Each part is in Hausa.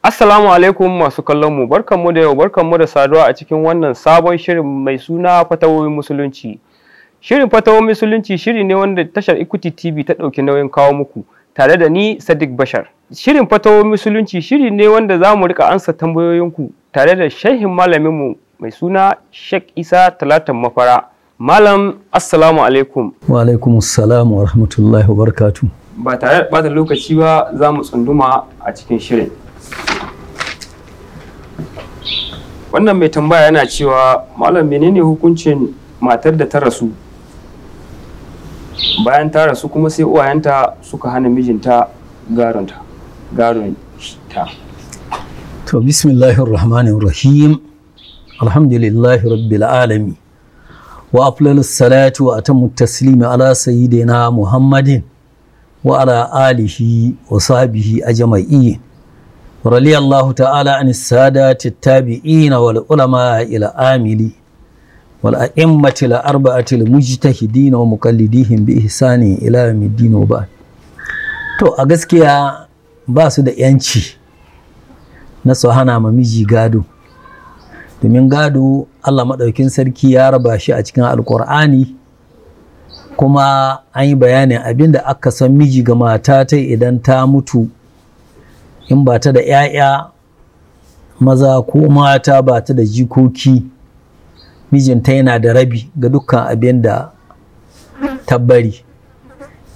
Assalamu alaikum masu kallon mu barkanmu da yau barkanmu da saduwa a cikin wannan sabon shirin mai suna fatawoyin musulunci. Shirin fatawoyin musulunci shiri ne wanda tashar Equity TV ta ɗauki nauyin kawo muku tare da ni Sadiq Bashar. Shirin fatawar musulunci shiri ne wanda za mu rika ansa tambayoyinku tare da shehin malaminmu mai suna Sheikh Isa Talatan Mafara. Malam Assalamu alaikum. Wa alaikum assalamu wa rahmatullahi wa barakatu. Ba tare da bata lokaci ba za mu tsunduma a cikin shirin. Wannan mai tambaya yana cewa Malam menene hukuncin matar da ta rasu bayan ta rasu kuma sai uwayenta suka hana mijinta garonta. gano ta. To, bismillahir rahmanir rahim alhamdulillahi rabbil alami wa aflalus salatu wa atammu taslimi ala sayyidina muhammadin wa ala alihi wa sabihi a jamai ajma'i radiyallahu ta'ala an sadati tabi'in wal ulama ila amili wal a'immati la arba'atil mujtahidin wa muqallidihim bi ihsani ila yawmiddin wa ba'd to a gaskiya ba su da yanci na su hana ma miji gado domin gado Allah maɗaukin sarki ya raba shi a cikin alkur'ani kuma an yi bayanin abin da aka san miji ga mata ta idan ta mutu in ba ta da 'ya'ya maza ko mata ba ta da jikoki mijinta yana da rabi ga dukkan abin da tabbari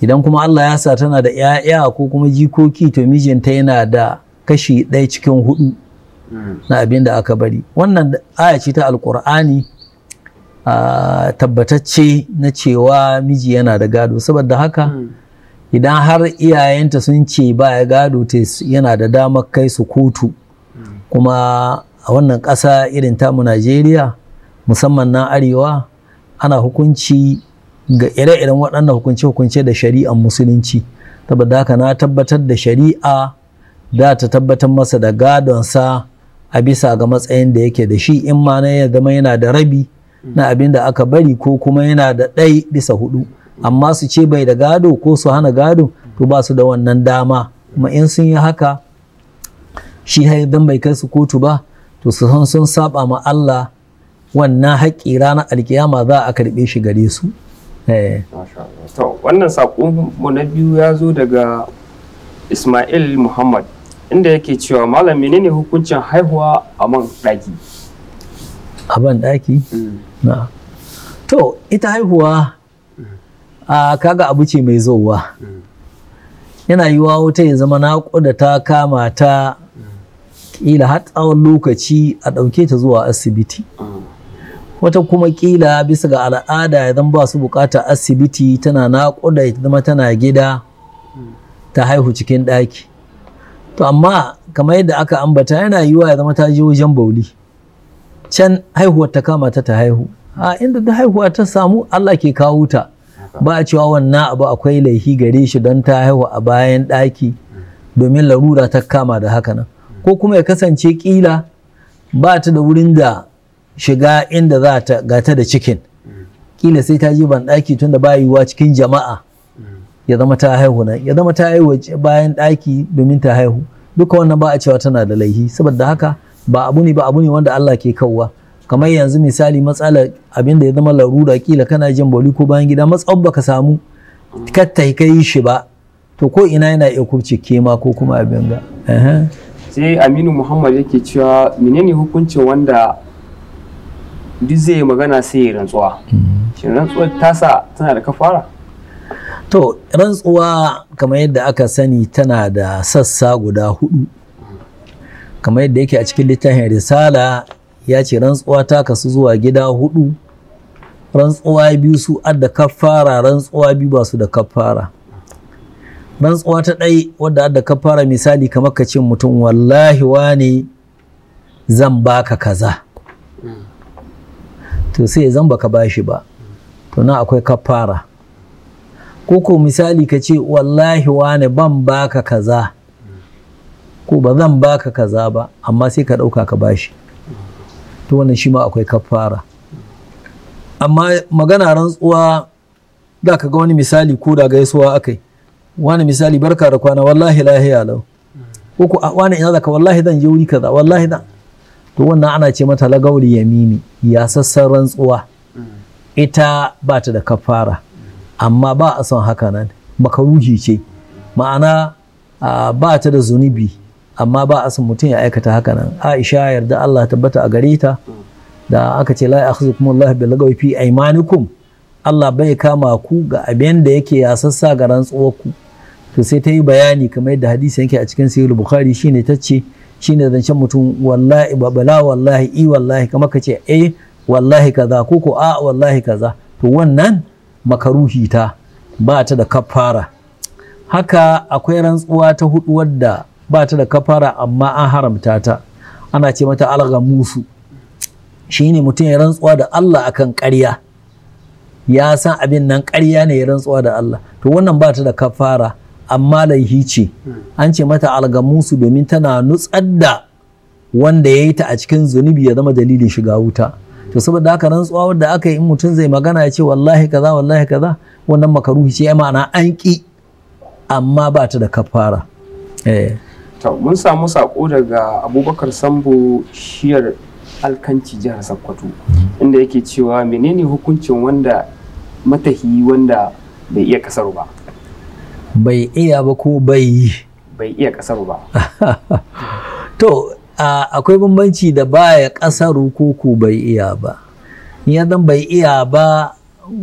idan kuma Allah ya sa tana da 'ya'ya ko kuma jikoki to mijinta yana da kashi ɗaya cikin hudu na abin da aka bari wannan aya ce ta alkur'ani tabbatacce na cewa miji yana da gado saboda haka hmm. idan har iyayenta sun ce ba ya gado ta yana da damar kai su kotu hmm. kuma a wannan ƙasa irin tamu najeriya musamman na arewa ana hukunci ga ire-iren waɗannan hukunce-hukunce da shari'ar musulunci saboda haka na tabbatar da shari'a da ta tabbatar masa da gadonsa a bisa ga matsayin da yake da shi in ma na ya zama yana da rabi na abin da aka bari ko kuma yana da ɗai bisa hudu amma su ce bai da gado ko su hana gado to ba su da wannan dama kuma in sun yi haka shi dan bai kai su kotu ba to su san sun saba ma Allah wannan haƙƙi ranar alkiyama za a karɓe shi gare su. Eh. wannan saƙon mu na biyu ya zo daga Ismail Muhammad inda yake cewa malam menene hukuncin haihuwa a man ɗaki a ban ɗaki mm. to ita haihuwa a kaga abu ce mai zowa mm. yana yiwa wata ya zama naƙuda ta kama ta mm. ƙila har tsawon lokaci a ɗauke ta zuwa asibiti mm. wata kuma kila bisa ga al'ada ya ba su bukata asibiti tana naƙuda ya zama tana gida ta haihu cikin ɗaki to amma kamar yadda aka ambata yana yiwa ya zama ta je wajen bauli can haihuwar ta kama ta ta haihu a inda da haihuwa ta samu Allah ke kawo ta ba a cewa wannan abu akwai laifi gare shi don ta haihu a bayan ɗaki domin larura ta kama da haka nan ko kuma ya kasance kila ba ta da wurin da shiga inda za ta gata da cikin kila sai ta ji ban daki tunda ba yiwuwa cikin jama'a ya zama ta haihu nan ya zama ta haihu bayan ɗaki domin ta haihu duka wannan ba a cewa tana da laihi saboda haka ba abu ne ba abu ne wanda Allah ke kawwa kamar yanzu misali matsalar abinda ya zama larura kila kana jin boli ko bayan gida matsawar baka samu katta kai shi ba to ko ina yana iya kubce kema ko kuma abin ga sai aminu muhammad yake cewa menene hukuncin wanda duk zai magana sai ya rantsuwa shin rantsuwar tasa tana da kafara to rantsuwa kamar yadda aka sani tana da sassa guda hudu kamar yadda yake a cikin littafin risala ya ce rantsuwa ta kasu zuwa gida hudu rantsuwa biyu su adda kafara rantsuwa biyu ba su da kafara rantsuwa ta ɗai wadda adda kafara misali kamar ka ce mutum wallahi wani, zan baka kaza to sai zamba ka bashi ba to na akwai kafara ko ko misali ka ce wallahi wane ban baka kaza ko ba zan baka kaza ba amma sai ka ɗauka ka bashi to wannan shi ma akwai kafara amma magana rantsuwa da ka ga wani misali ko da gaisuwa akai wani misali barka da kwana wallahi lahiya lau ko ko wani ina zaka wallahi zan je wuri kaza wallahi zan to wannan ana ce mata lagawul yamini ya sassan rantsuwa ita ba ta da kafara amma ba a son haka nan makaruhi ce ma'ana ba ta da zunubi amma ba a son mutum ya aikata haka nan aisha yarda Allah tabbata a gare ta da aka ce la kuma Allah bil lagawi fi aymanikum Allah bai kama ku ga abin da yake ya sassa ga rantsuwar ku to sai ta yi bayani kamar yadda hadisi yake a cikin sahih bukhari shine ta ce shine zancen mutum wallahi bala wallahi i wallahi kama ka ce eh wallahi kaza ko ko a wallahi kaza to wannan makaruhi ta ba ta da kafara haka akwai rantsuwa ta hudu wadda ba ta da kafara amma an haramta ta ana ce mata alghamusu shine mutum ya rantsuwa da Allah akan ƙarya ya san abin nan ƙarya ne ya rantsuwa da Allah to wannan ba ta da kafara amma laihi ce an ce mata algamusu domin tana nutsar da wanda ya yi ta a cikin zunubi ya zama dalilin shiga wuta to saboda haka tsawon wadda aka yi in mutum zai magana ya ce wallahi kaza wallahi kaza wannan makaruhi ce ma'ana an ƙi amma ba ta da kafara eh. to mun samu sako daga abubakar sambo shiyar alkanci jihar sokoto inda yake cewa menene hukuncin wanda matahi wanda bai iya kasar ba bai iya ba ko bai yi bai iya kasaru ba to akwai bambanci da baya kasaru ko ko bai iya ba in bai iya ba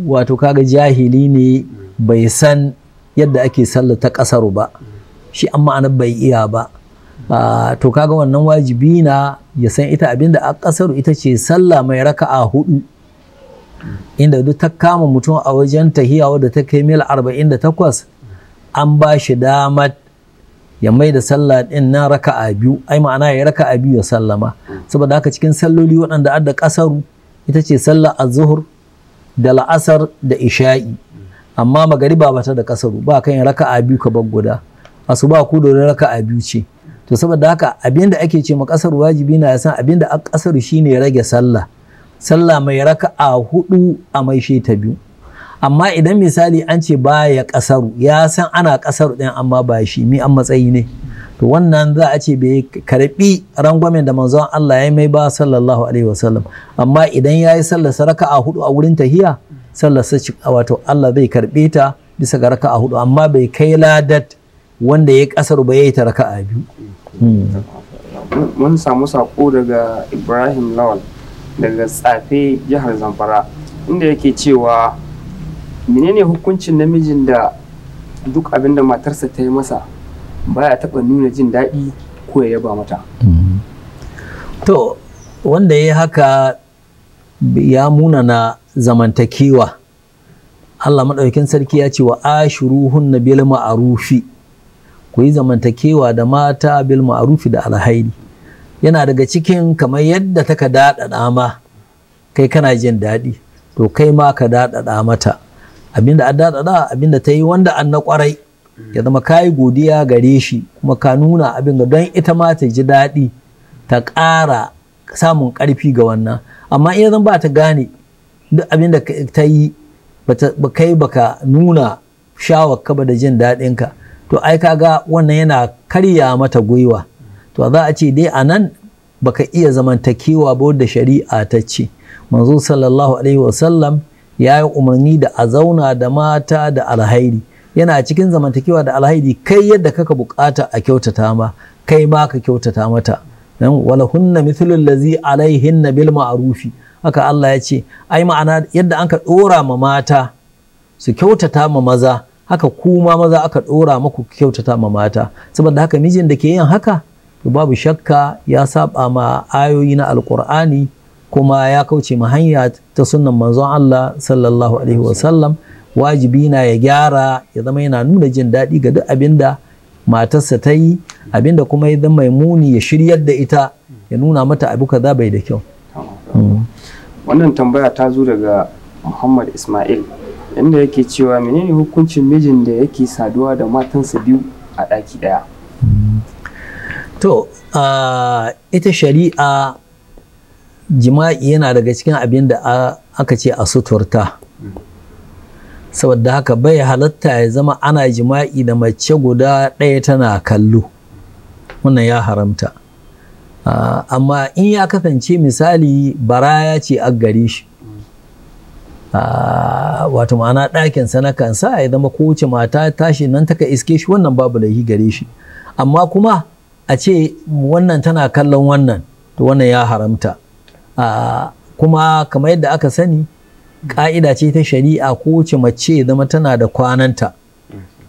wato kaga jahili ne bai san yadda ake ta kasaru ba shi an ma'anar bai iya ba to kaga wannan wajibi na ya san ita abinda a kasaru ita ce sallah mai raka'a hudu inda duk ta kama mutum a wajen tahiyawa da ta kai mil 48 an ba shi damar ya mai da sallah din na raka'a biyu ai ma'ana ya raka'a biyu ya sallama saboda haka cikin salloli waɗanda adda ƙasaru ita ce sallah a zuhur da la'asar da isha'i amma magari ba ta da ƙasaru ba kan raka'a biyu ka bar guda asuba ku da raka'a biyu ce to saboda haka abin da ake ce ma ƙasar wajibi na ya san abin da ƙasar shine rage sallah sallah mai raka'a hudu a shi ta biyu amma idan misali an ce ba ya kasaru ya san ana kasaru ɗin amma ba shi mi an matsayi ne to wannan za a ce bai karɓi rangwamen da manzon Allah ya mai ba sallallahu alaihi wasallam amma idan ya yi sallarsa a hudu a wurin tahiya sallarsa wato Allah zai karbe ta bisa ga raka'a hudu amma bai kai ladat wanda ya kasar ba yayi ta a biyu mun samu sako daga Ibrahim Lawal daga tsafe jihar Zamfara inda yake cewa menene hukuncin namijin da duk abin da matarsa ta yi masa baya taɓa nuna jin daɗi ko ya yaba mata to wanda ya haka ya munana zamantakewa Allah maɗaukin sarki ya ce wa ashuruhunna bil ma'rufi ku yi zamantakewa da mata bil ma'rufi da alhairi yana daga cikin kamar yadda ta ka daɗaɗa ma kai kana jin daɗi to kai ma ka daɗaɗa mata abinda an abinda ta yi wanda an na kwarai ya zama kayi godiya gare shi kuma ka nuna abin don ita ma ta ji daɗi ta ƙara samun ƙarfi ga wannan amma in zan ba ta gane duk abinda da ta yi kai baka nuna shawarka ba da jin daɗinka to ai ka ga wannan yana karya mata gwiwa to za a ce dai a nan baka iya zamantakewa ba wadda shari'a ta ce manzo sallallahu alaihi wasallam ya yi umarni da a zauna da mata da alhairi yana cikin zamantakewa da alhairi kai yadda kaka bukata a kyautata ma kai ma ka kyautata mata dan walahunna mithlul ladzi alaihin bil ma'rufi haka Allah ya ce ai ma'ana yadda anka dora ma mata su kyautata ma maza haka kuma maza aka dora maku kyautata ma mata saboda haka mijin da ke yin haka to babu shakka ya saba ma ayoyi na alqur'ani kuma ya kauce mu hanya ta sunan manzon Allah sallallahu alaihi wasallam wajibi na ya gyara ya zama yana nuna jin daɗi ga duk abinda matarsa ta yi abinda kuma ya zama muni ya shiryar da ita ya nuna mata abu kaza bai da kyau mm. wannan tambaya ta zo daga Muhammad Ismail inda yake cewa menene hukuncin mijin da yake saduwa da matansa biyu a ɗaki ɗaya mm. to ah, ita shari'a jima'i yana daga cikin abin da aka ce a suturta saboda haka bai halatta ya zama ana jima'i da mace guda ɗaya tana kallo wannan ya haramta amma in ya kasance misali baraya ce a gare shi wato ma'ana ɗakinsa na kansa ya zama kowace mata tashi nan taka iske shi wannan babu laifi gare shi amma kuma a ce wannan tana kallon wannan to wannan ya haramta kuma kamar yadda aka sani ƙa'ida ce ta shari'a ko kowace mace zama tana da kwananta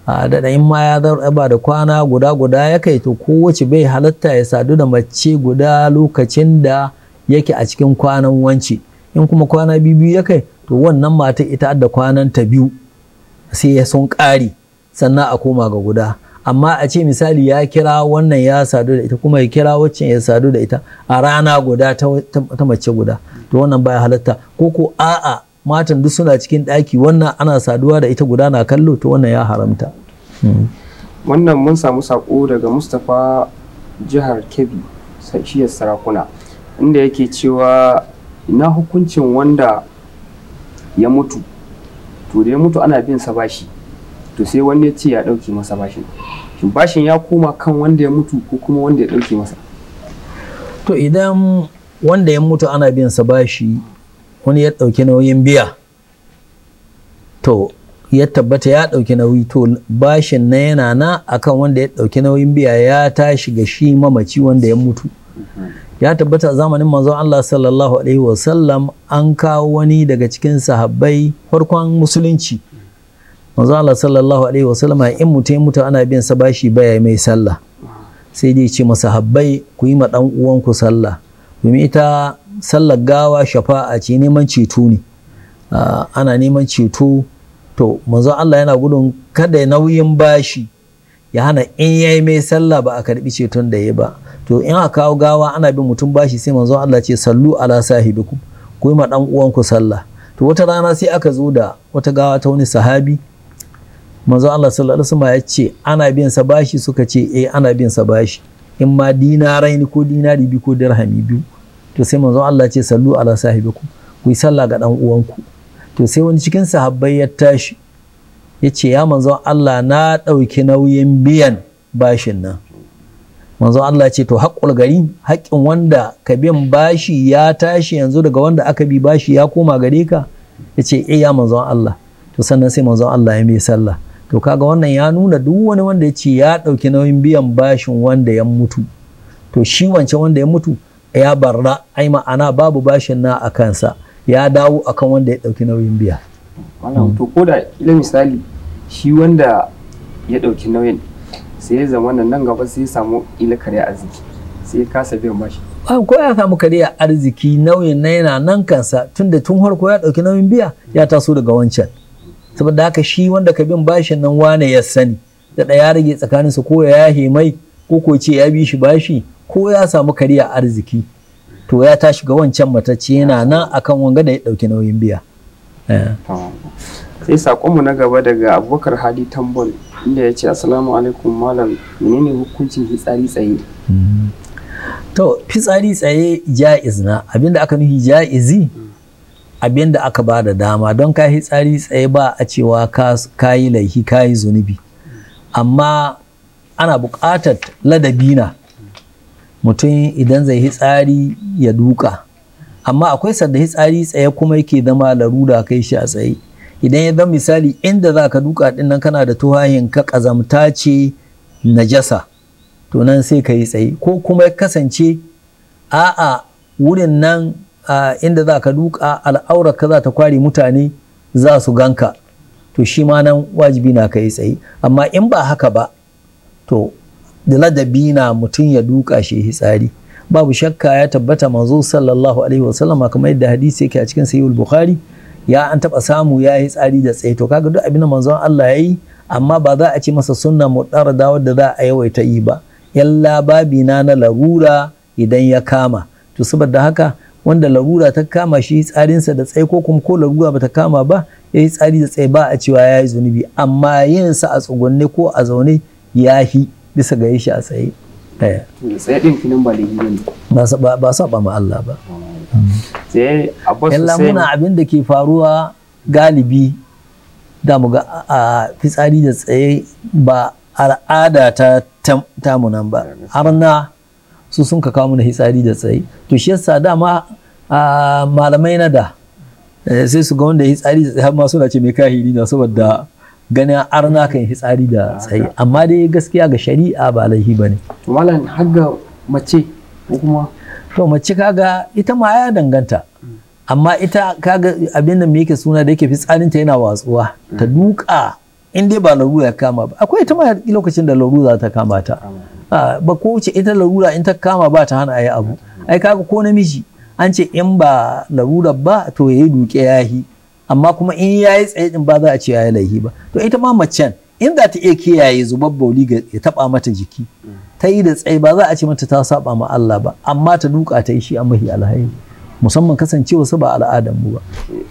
daɗa in ma ya zaba da kwana guda guda ya kai to ko kowace bai halatta ya sadu da mace guda lokacin da yake a cikin kwanan wance. in kuma kwana biyu ya kai to wannan mata ita da kwananta biyu sai ya sun ƙari sannan a koma ga guda amma a ce misali ya kira wannan ya sadu da ita kuma ya kira waccan ya sadu da ita a rana guda ta mace guda to wannan baya halatta ko ko a'a matan duk suna cikin ɗaki wannan ana saduwa da ita guda na kallo to wannan ya haramta hmm. wannan mun samu sako daga mustapha jihar kebbi shiyar sarakuna inda yake cewa ina hukuncin wanda ya mutu to da ya mutu ana bin sa bashi to sai wani ya ce ya ɗauke masa bashin shin bashin ya koma kan wanda ya mutu ko kuma wanda ya ɗauke masa to idan wanda ya mutu ana bin sa bashi wani ya dauke nauyin biya to ya tabbata ya ɗauki nauyi to bashin na yana na akan wanda ya ɗauki nauyin biya ya tashi ga shi mamaci wanda ya mutu ya tabbata a zamanin manzon Allah sallallahu alaihi wasallam an kawo wani daga cikin sahabbai farkon musulunci manzo Allah sallallahu alaihi sallama in mutum mutu ana bin sa bashi baya mai sallah sai dai ce masa habbai ku yi ma dan uwanku sallah domin ita sallar gawa shafa'a ce neman ceto ne ana neman ceto to manzo Allah yana gudun kada nauyin bashi ya hana in yayi mai sallah ba a karbi ceton da ya ba to in aka kawo gawa ana bin mutum bashi sai manzo Allah ce sallu ala sahibikum ku yi ma dan uwanku sallah to wata rana sai aka zo da wata gawa ta wani sahabi manzo Allah sallallahu alaihi wasallam ya ce ana bin sa bashi suka ce eh ana bin sa bashi in ma dinarai ko dinari biyu ko dirhami biyu to sai manzo Allah ce sallu ala sahibikum ku yi sallah ga dan uwanku to sai wani cikin sahabbai ya tashi ya ce ya manzo Allah na ɗauki nauyin biyan bashin nan manzo Allah ce to haƙƙul gari haƙƙin wanda ka bin bashi ya tashi yanzu daga wanda aka bi bashi ya koma gare ka ya ce eh ya manzo Allah to sannan sai manzo Allah ya mai sallah to kaga wannan ya nuna duk wani wanda ya ce ya ɗauki nauyin biyan bashin wanda ya mutu to shi wancan wanda ya mutu ya barra ai ma'ana babu bashin na a kansa ya dawo akan wanda ya ɗauki nauyin biya wannan to ko da kila misali shi wanda ya ɗauki nauyin sai ya zama nan gaba sai ya samu ila karya arziki sai ya kasa biyan bashi ko ya samu kare arziki nauyin na yana nan kansa tunda tun harko ya ɗauki nauyin biya ya taso daga wancan saboda haka shi wanda ka bin bashin nan wane ya sani da ya rage tsakanin su ko ya yahe mai ko ko ce ya bi shi bashi ko ya samu kariya arziki to ya tashi ga wancan matacce yana nan akan wanga da ya ɗauki nauyin biya. Eh. sai sakonmu na gaba daga abubakar hadi tambol inda ya ce assalamu alaikum malam menene hukuncin fitsari tsaye mm. to fitsari tsaye ja'iz na abinda aka nufi ja'izi abin da aka ba da dama don ka yi tsari tsaye ba a cewa ka yi laihi ka yi zunubi amma ana buƙatar ladabi na mutum idan zai yi tsari ya duka amma akwai sanda yi tsari tsaye kuma yake zama larura kai shi a tsaye idan ya zama misali inda za ka duka din nan kana da tuhayin ka ƙazamta ce najasa to nan sai ka yi tsaye ko kuma ya kasance a'a wurin nan inda za ka duka al'aurarka za ta kware mutane za su ganka to shi ma nan wajibi na ka yi tsaye amma in ba haka ba to da ladabi na mutum ya duka shi hitsari babu shakka ya tabbata manzo sallallahu alaihi wasallam kamar yadda hadisi yake a cikin sahihul bukhari ya an taba samu ya yi tsari da tsaye to kaga duk abin da manzon Allah yayi amma ba za a ce masa sunna mudara da wadda za a yawaita yi ba yalla babi na na larura idan ya kama to saboda haka wanda larura ta kama shi tsarinsa da tsaye ko kuma ko larura ba ta kama ba ya yi tsari da tsaye ba a cewa yayi zunubi amma yin sa a tsugunne ko a zaune ya fi bisa ga a tsaye. Tsaye ɗin kinan ba da yi ba Ba ma Allah ba. Tsaye Yalla muna abin da ke faruwa galibi da mu ga a fitsari da tsaye ba al'ada ta tamunan ba. Har na su sun ka kawo mana hitsari da tsaye to shi yasa dama malamai na da eh, sai su ga wanda hitsari da tsaye har ma suna ce mai kahiri na saboda ganin arna kan hitsari da tsaye amma dai gaskiya ga shari'a ba laifi ba ne. malam har ga mace ko kuma. to mace kaga ita ma ya danganta mm. amma ita kaga abin da me yake suna da yake fitsarinta yana watsuwa ta mm. duka in dai ba lauru ya kama ba akwai ita ma lokacin da lauru za ta kama ta. Ah, ba ko ce ita larura in ta kama ba ta hana a yi abu ai kaga ko namiji an ce in ba larura ba to ya yi duke yahi amma kuma in ya yi tsaye din ba za a ce ya yi laihi ba to ita ma macen in za ta iya kiyaye zubar bauli ga ya taba mata jiki ta yi da tsaye ba za a ce mata ta saba ma Allah ba amma ta duka ta yi shi a mahi alhairi musamman kasancewa su ba al'adan mu ba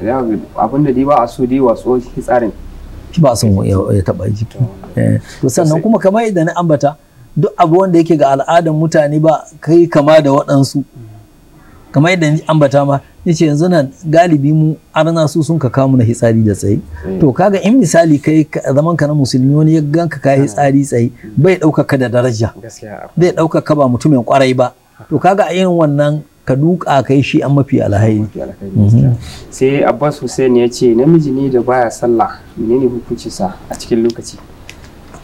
eh, abin da dai ba a so dai watsuwa tsarin ba son ya taba jiki eh, to sannan kuma kamar idan na ambata duk abu wanda yake ga al'adar mutane ba kai kama da waɗansu kamar yadda ni ambata ma yace yanzu nan galibi mu arna su sun ka kamu na hitsari da tsaye mm. to kaga in misali kai zaman ka na musulmi wani ya ganka ka hitsari tsaye mm. bai ɗaukaka ka da daraja bai ɗaukaka ka ba mutumin kwarai ba to kaga a yin wannan ka duka kai shi an mafi alhaini mm-hmm. sai abbas hussein ya ce namiji ne da baya sallah menene hukuncinsa a cikin lokaci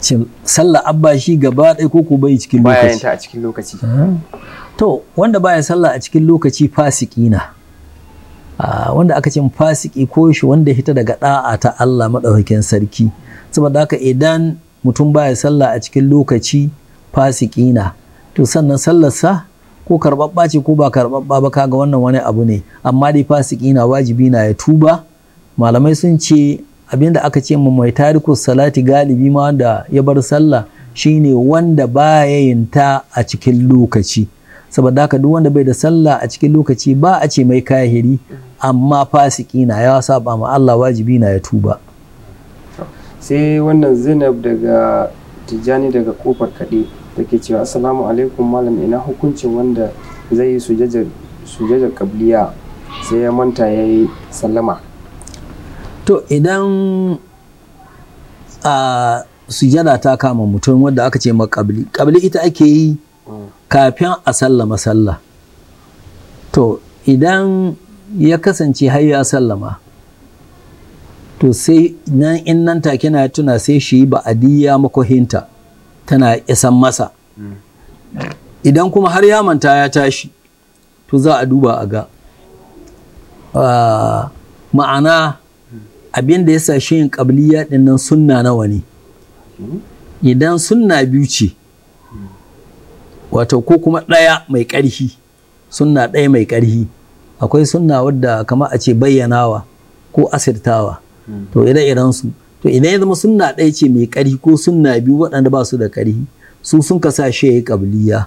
salla sallah abba shi gaba ɗaya ko ko bai cikin lokaci bayan ta a cikin lokaci ah. to wanda baya sallah a cikin lokaci fasiki na ah, wanda aka ce fasiki ko shi wanda hita daga da'a ta Allah madaukakin sarki saboda haka idan mutum baya sallah a cikin lokaci fasiki na to sannan sallar sa ko karbabba ce ko ba karbabba ba kaga wannan wani abu ne amma dai fasiki na wajibi na ya tuba malamai sun ce abinda aka ce mu mai tarikus salati galibi ma wanda ya bar sallah shine wanda baya yin ta a cikin lokaci saboda haka duk wanda bai da sallah a cikin lokaci ba a ce mai kahiri amma fasiki na ya saba ma Allah wajibi na ya tuba sai wannan Zainab daga Tijjani daga kofar kaɗe da cewa assalamu alaikum malam ina hukuncin wanda zai yi sujajar kabliya sai ya manta yayi sallama to idan a sujada ta kama mutum wadda aka ce makabli kabli ita ake yi kafin a sallama sallah to idan ya kasance har ya sallama to sai nan in nan take na tuna sai shi ba'adiyya makohinta tana isan masa idan kuma har ya manta ya tashi to za a duba a ga ma'ana abin da ya sa yin ƙabliya ɗin nan sunna nawa ne idan sunna biyu ce wato ko kuma ɗaya mai ƙarfi sunna ɗaya mai ƙarfi akwai sunna wadda kama a ce bayyanawa ko asirtawa to ire to idan ya zama sunna ɗaya ce mai ƙarfi ko sunna biyu waɗanda ba su da ƙarfi su sun ka sa shi ya yi ƙabliya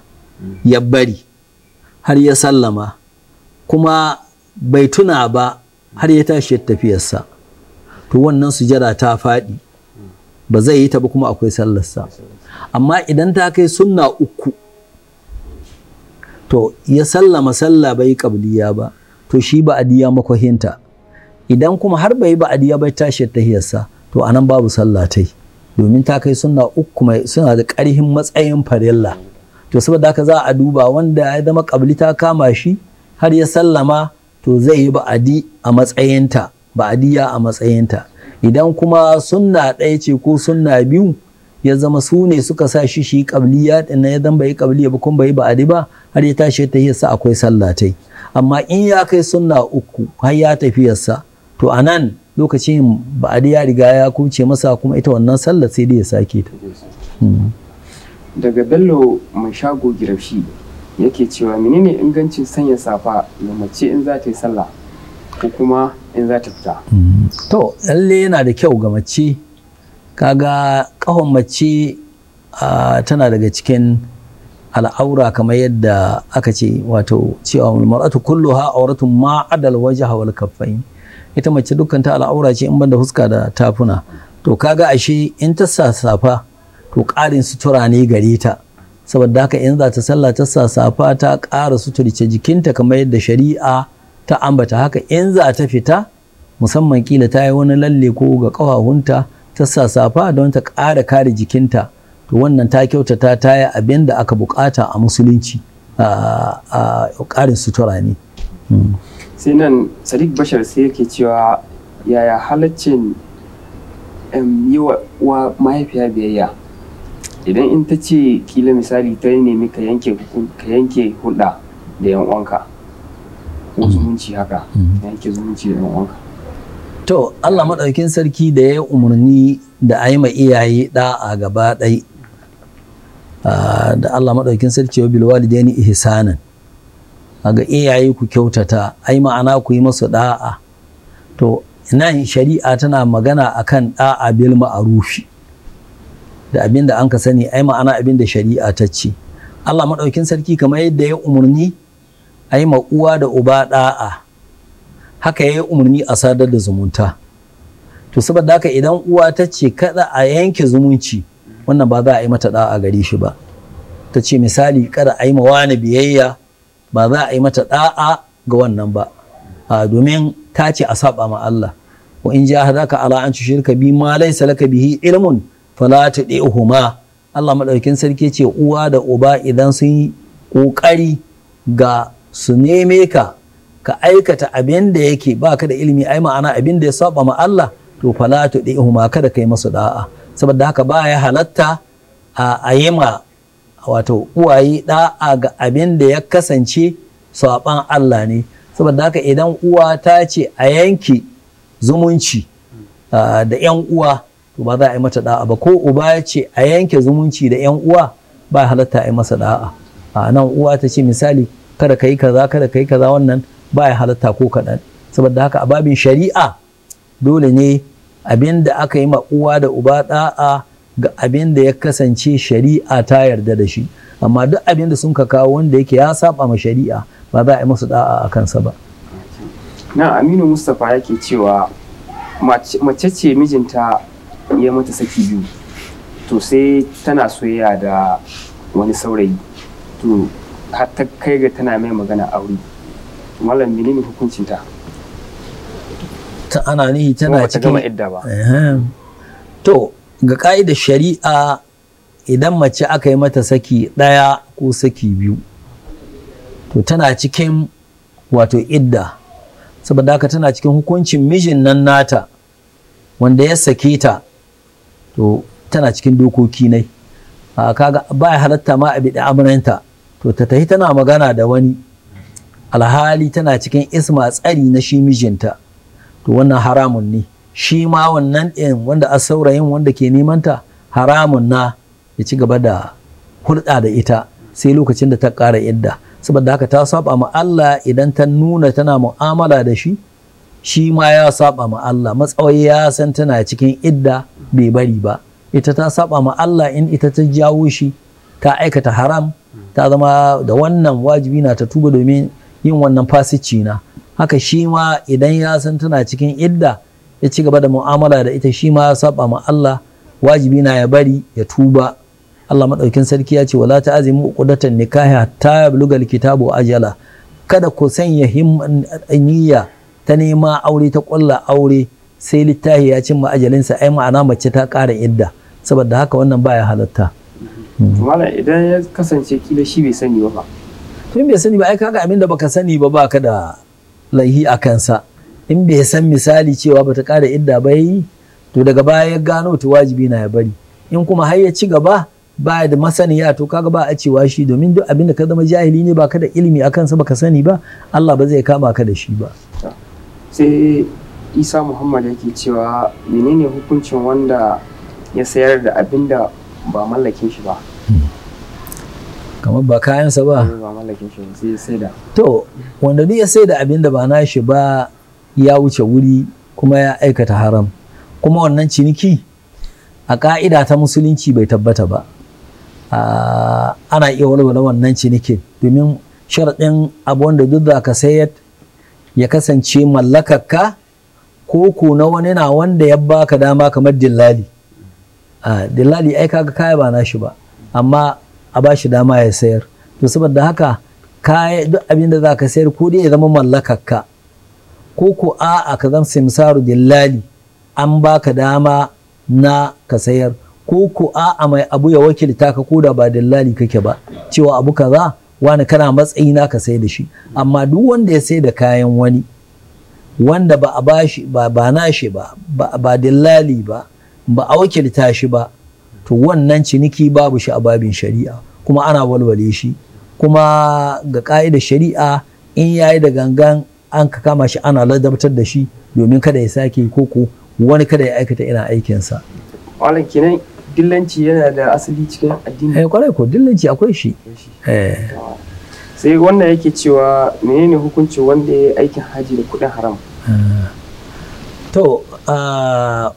ya bari har ya sallama kuma bai tuna ba har ya tashi ya tafiyarsa to wannan sujada ta faɗi ba zai yi ta ba kuma akwai sallarsa amma idan ta kai sunna uku to ya sallama sallah bai kabliya ba to shi ba adiya makwahinta idan kuma har bai ba adiya bai tashi tahiyarsa to anan babu sallah tai domin ta kai sunna uku mai suna da ƙarhin matsayin farilla to saboda haka za a duba wanda ya zama kabli ta kama shi har ya sallama to zai yi adi a matsayinta ba'adiyya a matsayinta idan kuma sunna ɗaya ce ko sunna biyu ya zama su ne suka sa shi shi kabliya din ya zan bai kabliya ba kun bai ba'adi ba har ya tashi ta yasa akwai sallatai amma in ya kai sunna uku har ya tafi yasa to anan lokacin ba'adi ya riga ya kuce masa kuma ita wannan sallar sai dai ya sake ta hmm. daga bello mai shago girashi yake cewa menene ingancin sanya safa ga mace in za ta yi sallah ko kuma in za ta fita. To, lalle yana da kyau ga mace, kaga kahon mace tana daga cikin al'aura kamar yadda aka ce wato cewa mar'atu kulluha auratun ma adal wajha wal kaffain ita mace dukkan ta al'aura ce in banda huska da tafuna to kaga ashe in ta sassafa to ƙarin sutura ne gare ta saboda haka in za ta sallah ta sassafa ta ƙara suturce jikinta kamar yadda shari'a ta ambata haka in za ta fita musamman kila ta yi wani lalle ko ga ƙafafunta ta sassafa don ta ƙara kare jikinta to wannan ta kyautata ta yi abin da aka buƙata a musulunci a ƙarin sutura ne. Hmm. sai nan sadiq bashar sai yake cewa yaya halaccin yi wa mahaifiya biyayya idan in ta ce kila misali ta nemi ka yanke hulɗa da yan uwanka Hm. haka hm. na yake zumunci da wanka to Allah madaukin sarki da ya umarni da a yi ma iyaye a gaba ɗai da Allah madaukin sarki wa bilwalidaini ihsanan ga iyaye ku kyautata yi ma'ana ku yi masu da'a to nan shari'a tana magana akan da'a bil ma'rufi da abinda an ka sani yi ma'ana abinda shari'a ta ce Allah madaukin sarki kamar yadda ya umarni a yi uwa da uba ɗa'a haka ya yi umarni a sadar da zumunta to saboda haka idan uwa ta ce kada a yanke zumunci wannan ba za a yi mata ɗa'a gare shi ba ta ce misali kada a yi ma wani biyayya ba za a yi mata ɗa'a ga wannan ba domin ta ce a saba ma Allah wa in ja hadaka ala an shirka bi ma laysa laka bihi ilmun fala tudihuma Allah madaukin sarki ce uwa da uba idan sun yi kokari ga su neme ka ka aikata abin da yake ba ka da ilimi ai ma'ana abin da ya saba ma Allah to fala tu ihuma kada kai masu da'a saboda haka ba ya halatta a ayima wato uwaye da'a ga abin da ya kasance saban Allah ne saboda haka idan uwa ta ce a yanki zumunci da 'yan uwa to ba za a yi mata da'a ba ko uba ya ce a yanke zumunci da 'yan uwa ba halatta a yi masa da'a a nan uwa ta ce misali kada ka yi kaza kada ka yi kaza wannan ba ya halatta ko kaɗan saboda haka a babin shari'a dole ne abin da aka yi ma uwa da uba ɗa'a ga abin da ya kasance shari'a ta yarda da shi amma duk abin da sun ka kawo wanda yake ya saba ma shari'a ba za a yi masu ɗa'a a kansa ba na aminu mustapha yake cewa mace ce mijinta ya mata saki biyu to sai tana soyayya da wani saurayi to har ta kai ga tana mai magana aure malam menene hukuncin ta ta ana ni tana cikin gama idda ba to ga ka'idar shari'a idan mace aka yi mata saki ɗaya ko saki biyu to tana cikin wato idda saboda haka tana cikin hukuncin mijin nan nata wanda ya sake ta to tana cikin dokoki ne kaga ba halatta ma a da amuranta to ta tafi tana magana da wani alhali tana cikin isma tsari na shi mijinta to wannan haramun ne shi ma wannan ɗin wanda a saurayin wanda ke neman ta? haramun na ya ci gaba da hulɗa da ita sai lokacin da ta ƙara idda saboda haka ta saba ma Allah idan ta nuna tana mu'amala da shi shi ma ya saba ma Allah matsawai ya san tana cikin idda bai bari ba ita ta saba ma Allah in ita ta jawo shi ta aikata haram ta zama da wannan wajibi na ta tuba domin yin wannan fasici na haka shi ma idan ya san tana cikin idda ya ci gaba da mu'amala da ita shi ma ya saba ma Allah wajibi na ya bari ya tuba Allah madaukin sarki ya ce wala ta'azimu uqdatan nikahi hatta yablugal kitabu ajala kada ku sanya himmaniya ta nema aure ta kulla aure sai littafi ya cimma ajalinsa ai ma'ana mace ta ƙara idda saboda haka wannan baya halatta malam idan ya kasance kila shi bai sani ba in bai sani ba ai kaga abin da baka sani ba baka da laihi a kansa in bai san misali cewa bata kara idda ba yi to daga baya ya gano to wajibi na ya bari in kuma har ya ci gaba ba da masaniya to kaga ba a cewa shi domin duk abin da ka zama jahili ne baka da ilimi a kansa baka sani ba Allah ba zai kama ka da shi ba sai Isa Muhammad yake cewa menene hukuncin wanda ya sayar da abin ba mallakin shi ba kamar ba kayansa ba eh, ba mallakin shi sai ya da to wanda ni ya sai abin da ba na shi ba ya wuce wuri kuma ya aikata haram kuma wannan ciniki a ka'ida ta musulunci bai tabbata ba ana iya walwala wannan cinikin domin sharaɗin abu wanda duk da ka sayar ya kasance mallakarka ko ko na wani na wanda ya baka dama kamar dillali Ah, dillali ai kaga kaya ba nashi ba amma a bashi dama ya sayar to saboda haka kaya duk abin da za sayar ko dai ya zama mallakarka ko ko a ka zama simsaru dillali an baka dama na ka sayar ko ko a mai abu ya wakilta ka ko da ba dillali kake ba cewa abu kaza wani kana matsayi na ka sai da shi amma duk wanda ya sayar da kayan wani wanda ba a bashi ba ba nashi ba ba dillali ba ba a wakilta shi ba to wannan ciniki babu shi a babin shari'a kuma ana walwale shi kuma ga ka'idar shari'a in yayi da gangan an ka kama shi ana ladabtar da shi domin kada ya sake koko wani kada ya aikata ina aikinsa. Malam kenan dillanci yana da asali cikin addini. Eh kwarai ko dillanci akwai shi. Eh. Sai wannan yake cewa menene hukunci wanda ya aikin haji da kuɗin haram? Ah. To ah,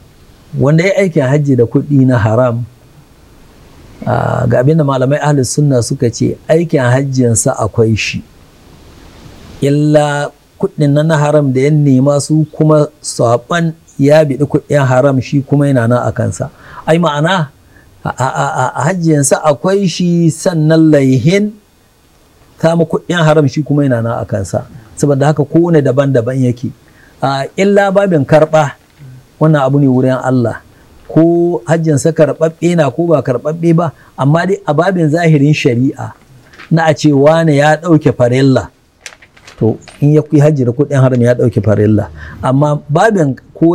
wanda ya aikin hajji da kuɗi na haram ga abinda malamai ahli sunna suka ce aikin hajjinsa akwai shi illa kuɗin na haram da ya nema su kuma saɓan ya biɗi kuɗin haram shi kuma yana nan a kansa ai ma'ana hajjinsa akwai shi sannan laihin ta mu kuɗin haram shi kuma yana nan a kansa saboda haka kowane daban-daban yake illa babin karɓa wannan abu ne wurin Allah ko hajjinsa karɓaɓɓe na ko ba karɓaɓɓe ba amma dai a babin zahirin shari'a na a ce wane ya ɗauke farilla to in ya kuyi hajji da kuɗin haram ya ɗauke farilla amma babin ko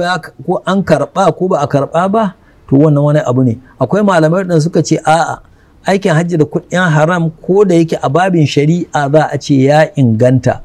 an karɓa ko ba a karɓa ba to wannan wani abu ne akwai malamai da suka ce a'a aikin hajji da kuɗin haram ko da yake a babin shari'a za a ce ya inganta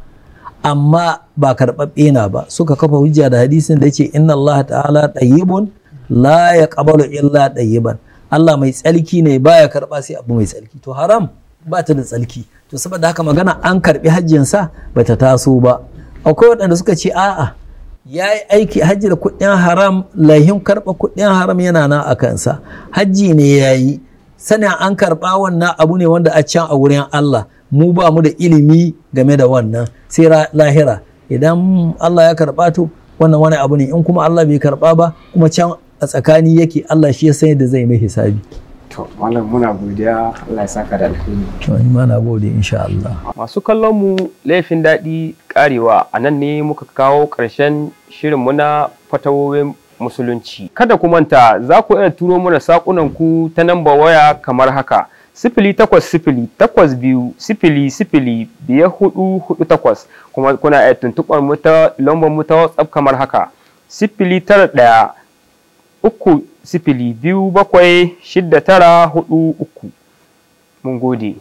amma ba karɓaɓɓe na ba suka kafa hujja da hadisin da yake inna Allah ta'ala tayyibun la yaqbalu illa tayyiban Allah mai tsalki ne baya karɓa sai abu mai tsalki to haram ba ta da tsalki to saboda haka magana an karɓi hajjin sa ba ta taso ba akwai waɗanda suka ce a'a ya yi aiki hajji da kuɗin haram lahin karɓa kuɗin haram yana na a kansa hajji ne ya yi sanin an karɓa wannan abu ne wanda a can a wurin Allah mu ba mu da ilimi game da wannan sai lahira idan Allah ya karɓa to wannan wani abu ne in kuma Allah bai karɓa ba kuma can a tsakani yake Allah shi ya san yadda zai mai hisabi to malam muna godiya Allah ya saka da alheri to ni ma gode insha Allah masu kallon mu laifin daɗi karewa a nan ne muka kawo karshen shirin muna fatawoyin musulunci kada ku manta za ku iya turo mana sakunan ku ta namba waya kamar haka sifili takwas sifili takwas biyu sifili sifili biyar hudu hudu takwas kuma kuna iya tuntuɓar mu ta lambar mu whatsapp kamar haka sifili tara ɗaya uku sifili biyu bakwai shidda tara hudu uku mun gode.